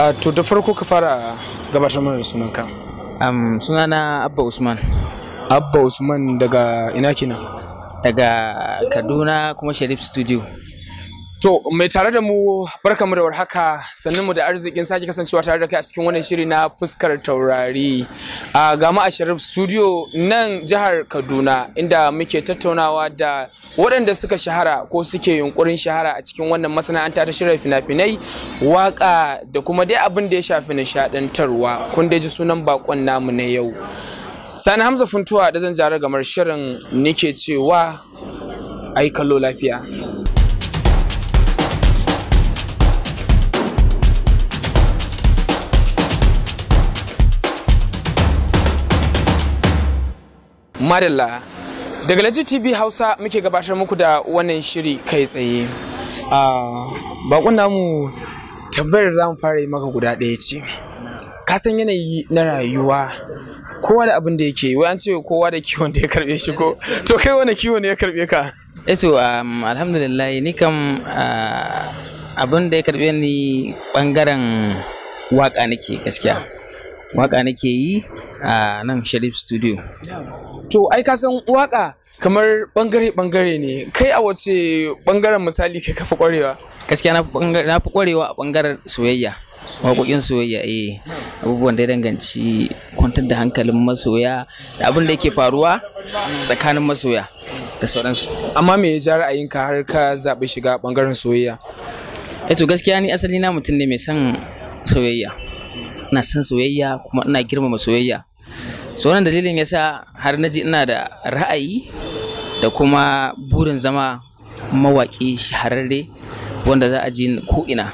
a ah, to da farko ka fara gabatar mana da sunanka um, na abba usman abba usman daga ina kina? daga kaduna kuma sharif studio To mai tare da mu barkamu da warhaka sannu mu da arzikin sake kasancewa tare da kai a cikin wannan shiri na fuskar taurari a gama a Sharif studio nan jihar Kaduna inda muke tattaunawa da waɗanda suka shahara ko suke yunkurin shahara a cikin wannan masana'anta ta shirya fina-finai waka da kuma dai abin da ya shafi nishaɗantarwa kun dai ji sunan bakon namu na yau. Sani Hamza Funtuwa da zan jara gamar shirin nike cewa ai kallo lafiya. madalla daga Lajji TV Hausa muke gabatar muku da wannan shiri kai tsaye ah, bakon namu tambayar za mu fara yi maka guda ɗaya ce ka san yanayi na rayuwa kowa da abin da yake wai an ce kowa da kiwon da ya karbe shi ko to kai wani kiwo ne ya karbe ka eto eh um, alhamdulillah ni kam ah, abin da ya karbe ni ɓangaren waka nake gaskiya waka nake yi a nan sharif studio to ai ka san waka kamar bangare-bangare ne kai a wace bangaren misali kai kafa kwarewa gaskiya na fi kwarewa a bangaren soyayya waƙoƙin soyayya eh abubuwan da ya danganci kwantar da hankalin masoya da abin da yake faruwa tsakanin masoya da sauransu amma me ya ja ra'ayinka har ka zaɓi shiga bangaren soyayya eh to gaskiya ni asali na mutum ne mai son soyayya ina son soyayya kuma ina girmama soyayya so wannan dalilin yasa har naji ina da ra'ayi da kuma burin zama mawaƙi shahararre wanda za a ji ko ina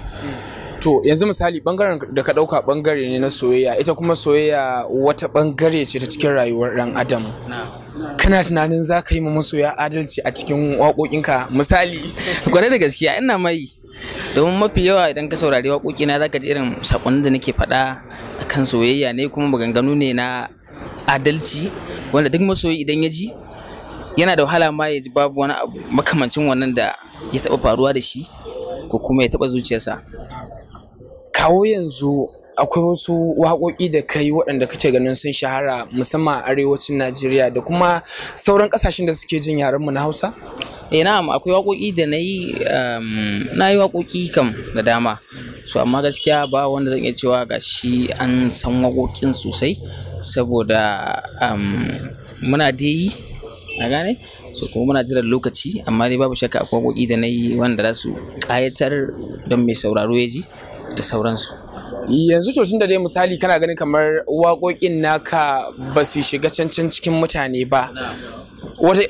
to yanzu misali bangaren da ka dauka bangare ne na soyayya ita kuma soyayya wata bangare ce ta cikin rayuwar dan adam kana tunanin za ka yi ma masoya adalci a cikin waƙoƙinka misali gwada da gaskiya ina mai domin mafi yawa idan ka saurari waƙoƙi na zaka ji irin saƙonin da nake faɗa kan soyayya ne kuma maganganu ne na adalci wanda duk masoyi idan ya ji yana da wahala ma ya ji babu wani abu makamancin wannan da ya taɓa faruwa da shi ko kuma ya taɓa zuciyarsa kawo yanzu akwai wasu waƙoƙi da kai waɗanda kake ganin sun shahara musamman a arewacin najeriya da kuma sauran ƙasashen da suke jin mu na hausa eh na'am akwai waƙoƙi da na yi um, na yi waƙoƙi kam da dama so amma gaskiya ba wanda zan iya cewa ga shi an san waƙoƙin sosai saboda um, muna dai yi na gane so kuma muna jiran lokaci amma dai babu shakka akwai waƙoƙi da na yi wanda za su ƙayatar don mai sauraro ya ji da sauransu yanzu to tunda dai misali kana ganin kamar waƙoƙin naka ba su shiga cancan cikin mutane ba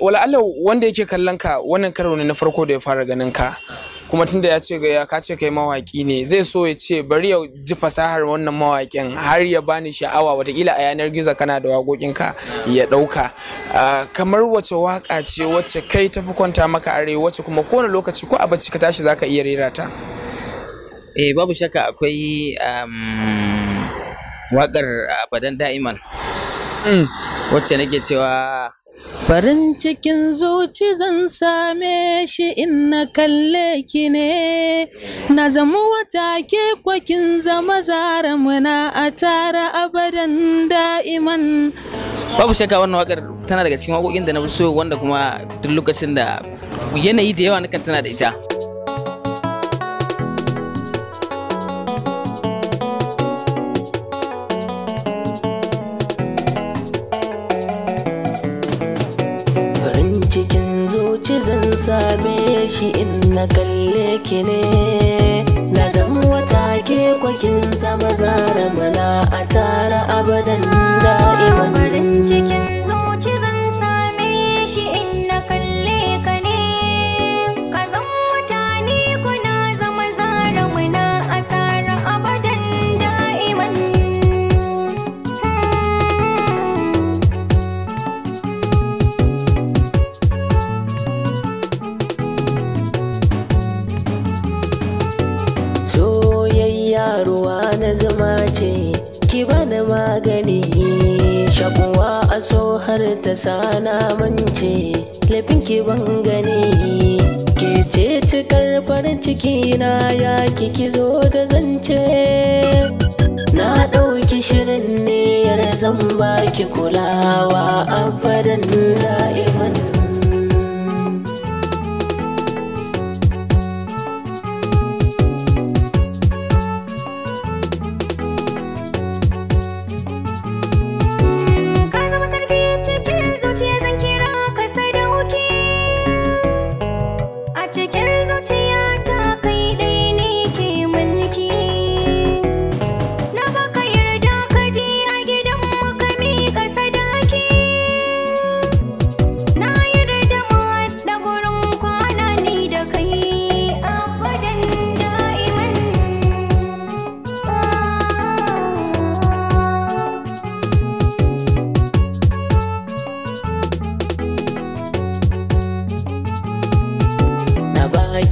wala wanda yake kallon ka wannan karo ne na farko da ya fara ganin ka kuma tunda ya ce ya ka ce kai mawaki ne zai so ya ce bari ya ji fasahar wannan mawakin har ya bani sha'awa watakila a yanar gizo kana da waƙoƙin ka ya ɗauka kamar wace waƙa ce wace kai tafi kwanta maka are wace kuma kowane lokaci ko a bacci ka tashi zaka iya rera ta eh babu shakka akwai um, waƙar abadan uh, da'iman mm. wacce nake cewa farin cikin zuci zan same shi in na kalle ki ne na zama wata ke kwakin zama zara muna a tara abadan da'iman babu shakka wannan wakar tana daga cikin waƙoƙin da na so wanda kuma duk lokacin da yanayi da yawa nakan tana da ita shi in na kalle ki ne na zan wata ke kwakin sama zara mana a tara abadan da'iman ruwa na zama ce ki bani magani shakuwa a so har ta sana mance laifin ki ban gani ke ce cikar farin ciki na ya ki zo da zance na ɗauki shirin ne yar zan baki kulawa a abadan da'iman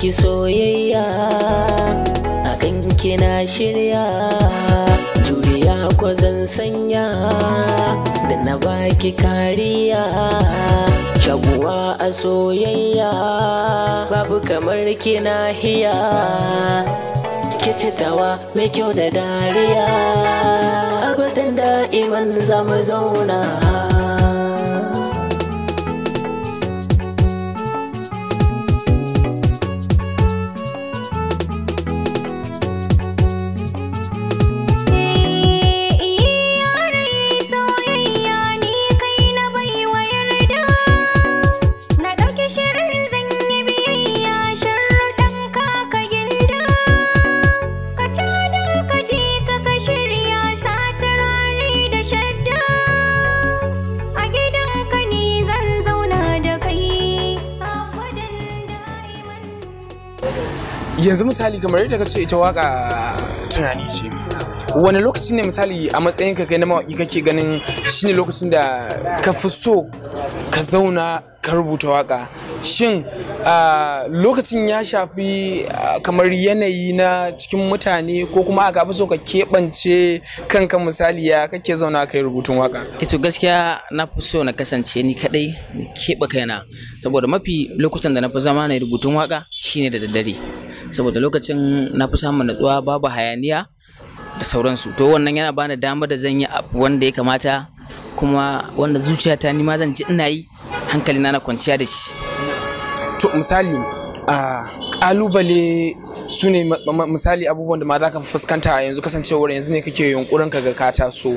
Ki soyayya akan kina shirya juriya ko zan sanya da na baki kariya shaguwa a soyayya babu kamar kina hiya kicitawa mai kyau da dariya abadan da'iman zamu zauna yanzu misali kamar yadda ka ce ita waka tunani ce wani lokaci ne misali a matsayin ka kai na mawaƙi kake ganin shine lokacin da ka fi so ka zauna ka rubuta waka shin lokacin ya shafi kamar yanayi na cikin mutane ko kuma aka fi so ka keɓance kanka misali ya kake zauna kayi rubutun waka ito eh gaskiya na fi so na kasance ni kadai keɓa kaina saboda mafi lokutan da na fi zama na rubutun waka shine da daddare saboda lokacin na fi samun natsuwa babu hayaniya da sauransu to wannan yana bani damar da zan yi abu wanda ya kamata kuma wanda zuciya ni ma zan ji ina yi hankali na na kwanciya da shi to misali a kalubale su ne misali abubuwan da ma za ka fuskanta a yanzu kasancewar yanzu ne kake yunkurin ka ga ka taso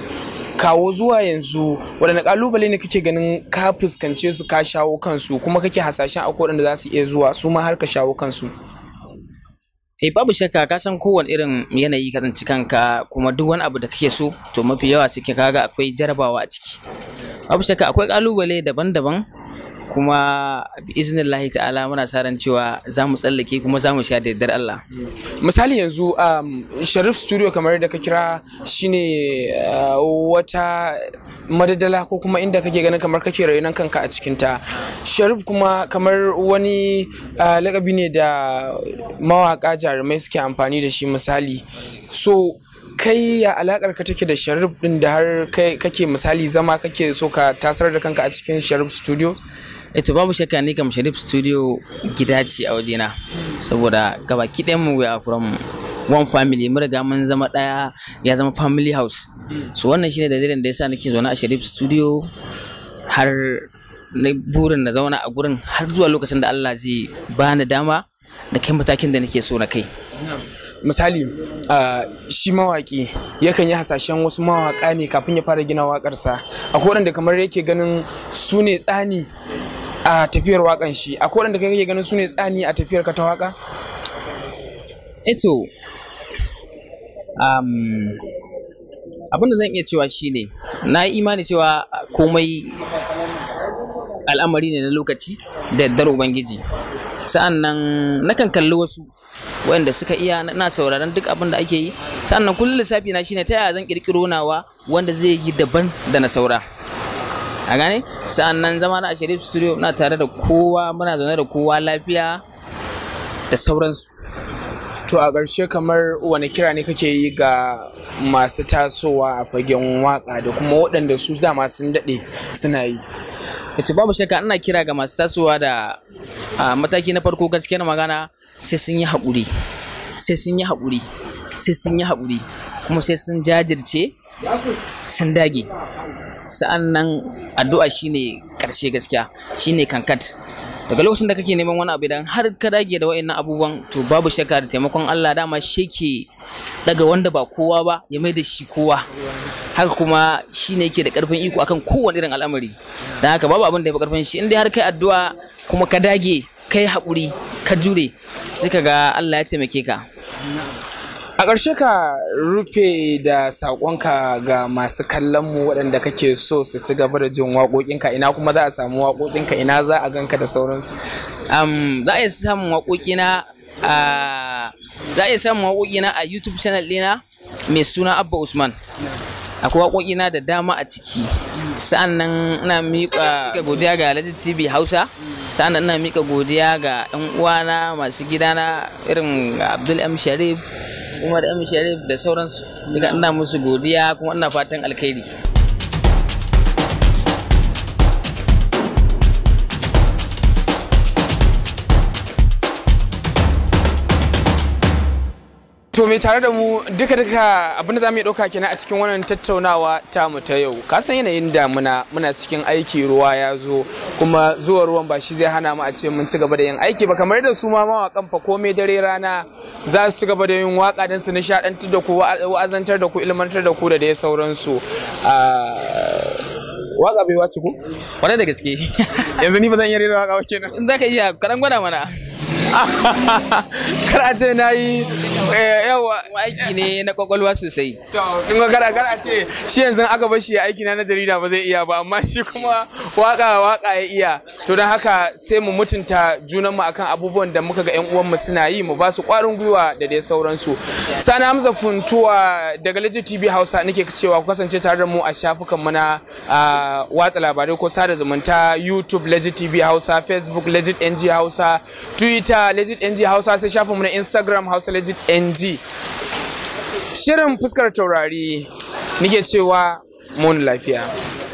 kawo zuwa yanzu waɗanne kalubale ne kake ganin ka fuskance su ka shawo kansu kuma kake hasashen akwai waɗanda za su iya zuwa su ma har ka shawo kansu eh babu shakka ka san kowane irin yanayi ka tsinci kanka kuma duk wani abu da kake so to mafi yawa suke kaga akwai jarabawa a ciki babu shakka akwai kalubale daban-daban kuma lahi ta'ala muna sa ran cewa za mu tsallake kuma za mu sha da yardar Allah misali yanzu um, Sharif Studio kamar da ka kira shine uh, wata madadala ko kuma inda kake ganin kamar kake rainon kanka a cikin ta Sharif kuma kamar wani uh, lakabi ne da mawaka jarumai suke amfani da shi misali so kai ya alakar ka take da sharif din da har kake misali zama kake so ka tasar da kanka a cikin sharif studio to babu shakka ni kam Sharif Studio gida ce a waje na saboda gaba kiɗan mu ya are from one family mun riga mun zama ɗaya ya zama family house so wannan shine dalilin da yasa nake zauna a Sharif Studio har na burin na zauna a gurin har zuwa lokacin da Allah zai bani dama da kai matakin da nake so na kai misali shi mawaƙi yakan yi hasashen wasu mawaƙa ne kafin ya fara gina waƙarsa akwai wanda kamar yake ganin su ne tsani a tafiyar wakan shi a waɗanda da kake ganin su ne tsani a tafiyar ka ta waka eto um, abinda zan iya cewa shine na yi imani cewa komai al'amari ne na lokaci da daddar ubangiji sa'an nan nakan kalli wasu wanda suka iya na sauraron duk abin da ake yi sa'an nan kullum lissafi na shine ta yaya zan kirkiro nawa wanda zai yi daban da na saura a gane sa'annan zama na a sharif studio na tare da kowa muna zaune da kowa lafiya da sauransu to a ƙarshe kamar wani kira ne kake yi ga masu tasowa a fagen waka da kuma waɗanda su dama sun daɗe suna yi ita babu shakka ana kira ga masu tasowa da mataki na farko cikin magana sai sun yi haƙuri sai sun yi haƙuri sai sun yi haƙuri kuma sai sun jajirce sun dage sa'an nan addu'a shine karshe gaskiya shine kankat daga lokacin da kake neman wani abu idan har ka dage da wa'annan abubuwan to babu shakka da taimakon Allah dama shi ke daga wanda ba kowa ba ya mai da shi kowa haka kuma shi ne yake da karfin iko akan kowane irin al'amari don haka babu abin da ya fi karfin shi in dai har kai addu'a kuma ka dage kai haƙuri ka jure sai ka ga Allah ya taimake ka a ƙarshe ka rufe da saƙonka ga masu kallonmu waɗanda kake so su ci gaba da jin waƙoƙinka ina kuma za a samu waƙoƙinka ina za a ganka da sauransu za a iya samun waƙoƙina a za a iya samun waƙoƙina a youtube channel ɗina mai suna abba usman akwai waƙoƙina da dama a ciki sa'an nan ina miƙa godiya ga alhaji tv hausa sa'an ina miƙa godiya ga 'yan uwana masu gidana irin abdul m sharif umar m sharif da sauransu daga ina musu godiya kuma ina fatan alkhairi To mai tare da mu duka duka abin da za mu ɗauka kenan a cikin wannan tattaunawa ta mu ta yau. Ka san yanayin damuna muna cikin aiki ruwa ya zo kuma zuwa ruwan ba shi zai hana mu a ce mun ci gaba da yin aiki ba kamar da su ma mawakan fa komai dare rana za su ci gaba da yin waka don su nishaɗantar da ku wa'azantar da ku ilmantar da ku da dai sauransu. Ah, waka bai wace ku? Kwarai da gaske. Yanzu ni ba zan iya rera waka ba kenan. In za ka iya karan gwada mana. karace na yi eh, yawa aiki ne na kwakwalwa sosai to kara kara ce shi yanzu aka bar shi aiki na na jarida ba zai iya ba amma shi kuma waka waka ya iya to don haka sai mu mutunta junan mu akan abubuwan da muka ga yan uwan mu suna yi mu ba su kwarin gwiwa da dai sauransu sana hamza funtuwa daga Legit TV Hausa nake cewa ku kasance tare da mu a shafukan mu na watsa labarai ko sada zumunta YouTube Legit TV Hausa Facebook Legit NG Hausa Twitter legit ng hausa sai shafinmu na instagram hausa legit ng shirin fuskar taurari nike cewa mun lafiya